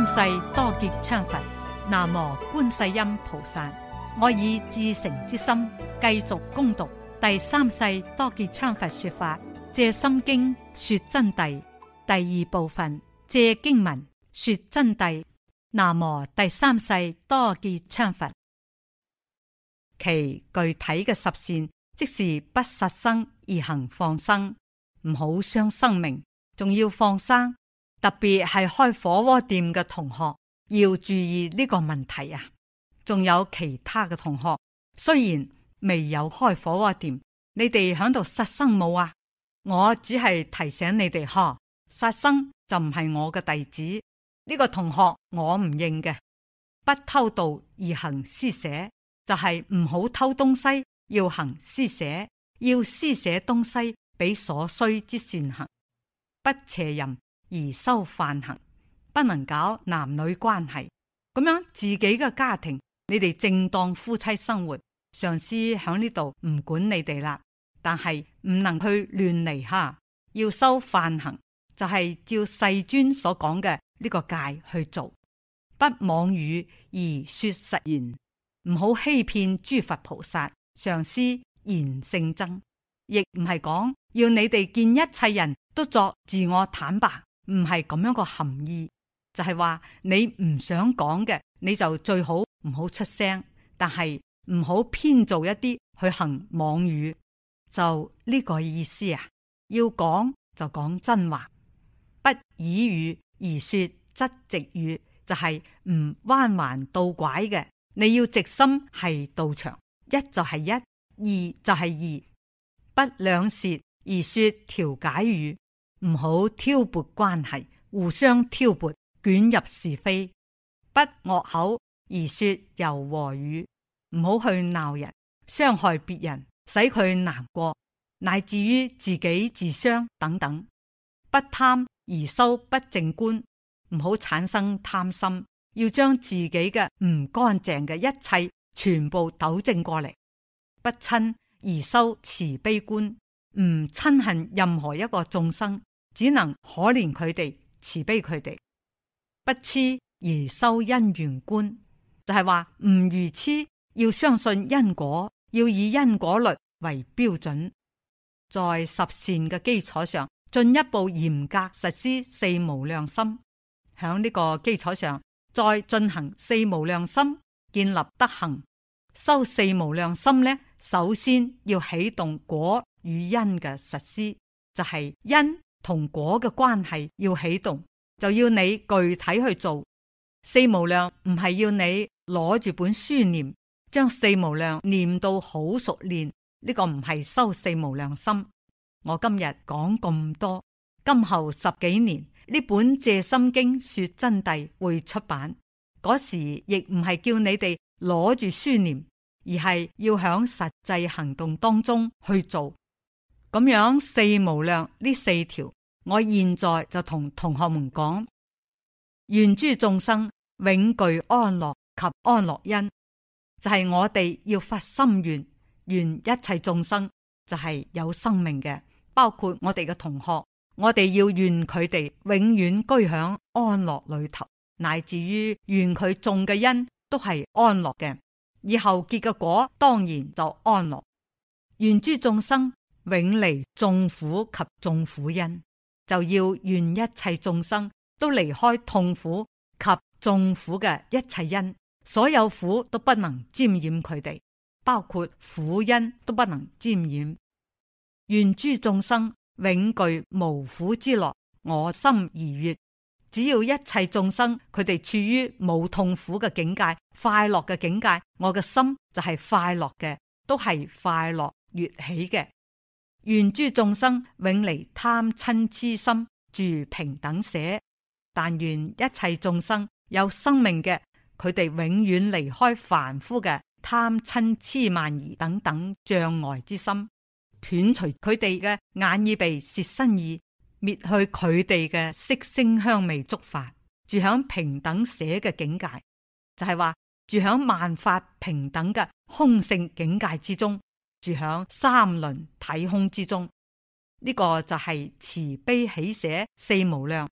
三世多杰羌佛，南無觀世音菩薩。我以至誠之心，繼續恭讀第三世多杰羌佛說法《藉心經》說真諦第二部分《藉經文說真諦》，南無第三世多杰羌佛。其具體嘅十善，即是不殺生而行放生，唔好傷生命，仲要放生。特別係開火鍋店嘅同學要注意呢個問題啊！仲有其他嘅同學，雖然未有開火鍋店，你哋響度殺生冇啊！我只係提醒你哋呵，殺生就唔係我嘅弟子。呢、這個同學我唔認嘅，不偷盜而行施捨，就係、是、唔好偷東西，要行施捨，要施捨東西俾所需之善行，不邪淫。而修梵行，不能搞男女關係，咁樣自己嘅家庭，你哋正當夫妻生活，上師喺呢度唔管你哋啦，但係唔能去亂嚟吓，要修梵行，就係、是、照世尊所講嘅呢個戒去做，不妄語而說實言，唔好欺騙諸佛菩薩。上師言性真，亦唔係講要你哋見一切人都作自我坦白。唔係咁樣個含義，就係、是、話你唔想講嘅，你就最好唔好出聲。但係唔好編做一啲去行妄語，就呢個意思啊。要講就講真話，不以語而說，則直語，就係、是、唔彎彎倒拐嘅。你要直心係道場，一就係一，二就係二，不兩舌而說調解語。唔好挑撥關係，互相挑撥，捲入是非；不惡口而說柔和語，唔好去鬧人，傷害別人，使佢難過，乃至於自己自傷等等。不貪而修不淨觀，唔好產生貪心，要將自己嘅唔乾淨嘅一切全部糾正過嚟。不嗔而修慈悲觀，唔嗔恨任何一個眾生。只能可憐佢哋，慈悲佢哋，不痴而修因緣觀，就係話唔愚痴，要相信因果，要以因果律為標準，在十善嘅基礎上進一步嚴格實施四無量心。響呢個基礎上，再進行四無量心建立德行，修四無量心呢，首先要啟動果與因嘅實施，就係因。同果嘅關係要啟動，就要你具體去做四無量，唔係要你攞住本書念，將四無量念到好熟練。呢、這個唔係修四無量心。我今日講咁多，今後十幾年呢本《借心經》說真諦會出版，嗰時亦唔係叫你哋攞住書念，而係要響實際行動當中去做。咁樣四無量呢四條，我現在就同同學們講：願諸眾生永具安樂及安樂因，就係、是、我哋要發心願，願一切眾生就係、是、有生命嘅，包括我哋嘅同學，我哋要願佢哋永遠居享安樂裏頭，乃至於願佢種嘅因都係安樂嘅，以後結嘅果當然就安樂。願諸眾生。永離眾苦及眾苦因，就要願一切眾生都離開痛苦及眾苦嘅一切因，所有苦都不能沾染佢哋，包括苦因都不能沾染。願諸眾生永具無苦之樂，我心怡悅。只要一切眾生佢哋處於冇痛苦嘅境界、快樂嘅境界，我嘅心就係快樂嘅，都係快樂悅起嘅。願諸眾生永離貪嗔癡心，住平等捨。但願一切眾生有生命嘅，佢哋永遠離開凡夫嘅貪嗔癡慢疑等等障礙之心，斷除佢哋嘅眼耳鼻舌身意，滅去佢哋嘅色聲香味觸法，住喺平等捨嘅境界，就係、是、話住喺萬法平等嘅空性境界之中。住響三輪體空之中，呢、這個就係慈悲喜捨四無量，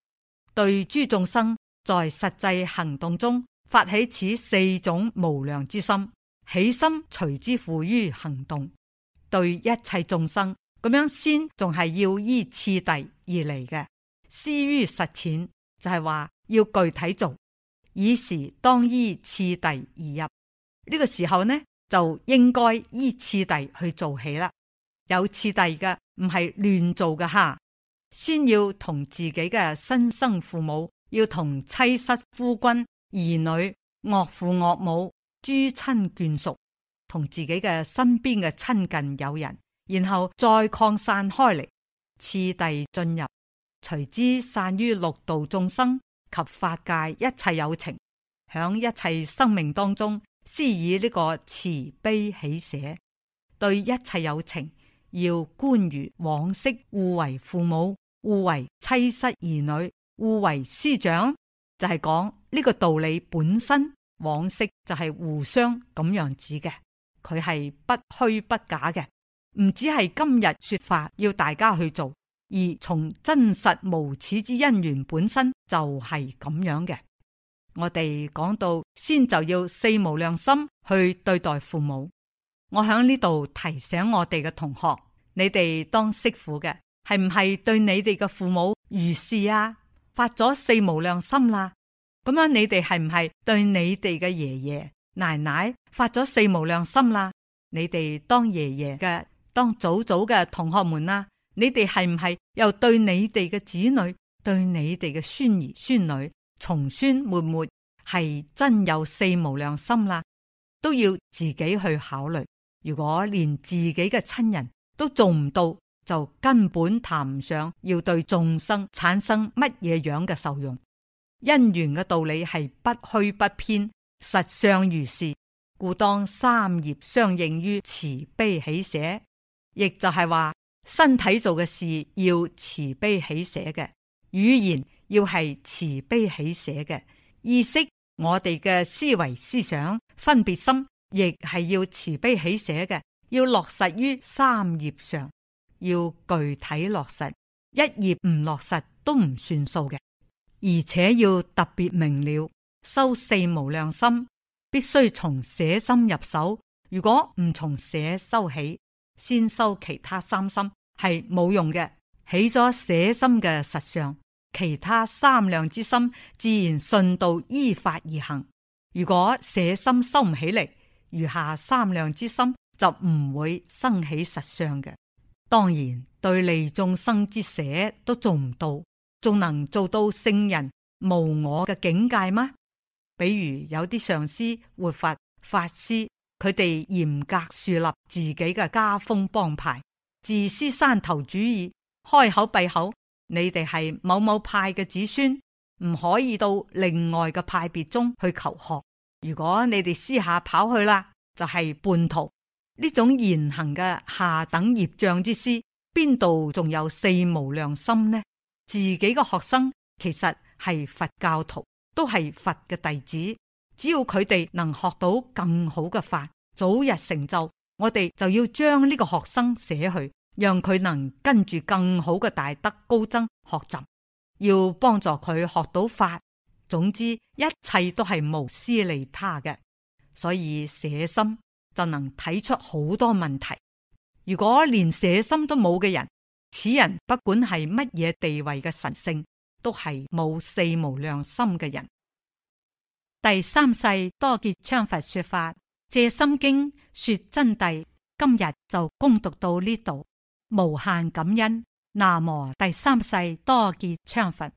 對諸眾生在實際行動中發起此四種無量之心，起心隨之付於行動，對一切眾生咁樣先仲係要依次第而嚟嘅，施於實踐就係、是、話要具體做，以時當依次第而入呢、這個時候呢？就應該依次第去做起啦。有次第嘅，唔係亂做嘅吓。先要同自己嘅新生父母，要同妻室夫君、兒女、岳父岳母、諸親眷屬，同自己嘅身邊嘅親近友人，然後再擴散開嚟，次第進入，隨之散於六道眾生及法界一切有情，響一切生命當中。施以呢個慈悲喜捨對一切有情，要觀於往昔互為父母，互為妻室兒女，互為師長，就係講呢個道理，本身往昔就係互相咁樣子嘅，佢係不虛不假嘅，唔只係今日說法要大家去做，而從真實無始之因緣本身就係咁樣嘅。我哋講到先就要四無量心去對待父母，我喺呢度提醒我哋嘅同學，你哋當媳婦嘅係唔係對你哋嘅父母如是啊？發咗四無量心啦，咁樣你哋係唔係對你哋嘅爺爺奶奶發咗四無量心啦？你哋當爺爺嘅、當祖祖嘅同學們啦、啊，你哋係唔係又對你哋嘅子女、對你哋嘅孫兒孫女？重孫妹妹係真有四無量心啦，都要自己去考慮。如果連自己嘅親人都做唔到，就根本談唔上要對眾生產生乜嘢樣嘅受用。因緣嘅道理係不虛不偏，實相如是，故當三業相應於慈悲喜捨，亦就係話身體做嘅事要慈悲喜捨嘅語言。要係慈悲喜捨嘅意識，我哋嘅思維思想分別心亦係要慈悲喜捨嘅，要落實於三頁上，要具體落實，一頁唔落實都唔算數嘅。而且要特別明了，收四無量心必須從捨心入手，如果唔從捨收起，先收其他三心係冇用嘅，起咗捨心嘅實相。其他三量之心自然順道依法而行。如果捨心收唔起嚟，餘下三量之心就唔會生起實相嘅。當然，對利眾生之捨都做唔到，仲能做到聖人無我嘅境界嗎？比如有啲上師活佛法師，佢哋嚴格樹立自己嘅家風幫派，自私山頭主義，開口閉口。你哋係某某派嘅子孫，唔可以到另外嘅派別中去求學。如果你哋私下跑去啦，就係叛徒。呢種言行嘅下等業障之師，邊度仲有四無量心呢？自己嘅學生其實係佛教徒，都係佛嘅弟子。只要佢哋能學到更好嘅法，早日成就，我哋就要將呢個學生捨去。讓佢能跟住更好嘅大德高僧學習，要幫助佢學到法。總之，一切都係無私利他嘅，所以捨心就能睇出好多問題。如果連捨心都冇嘅人，此人不管係乜嘢地位嘅神聖，都係冇四無量心嘅人。第三世多杰羌佛說法，借心經說真諦。今日就恭讀到呢度。無限感恩，南無第三世多杰羌佛。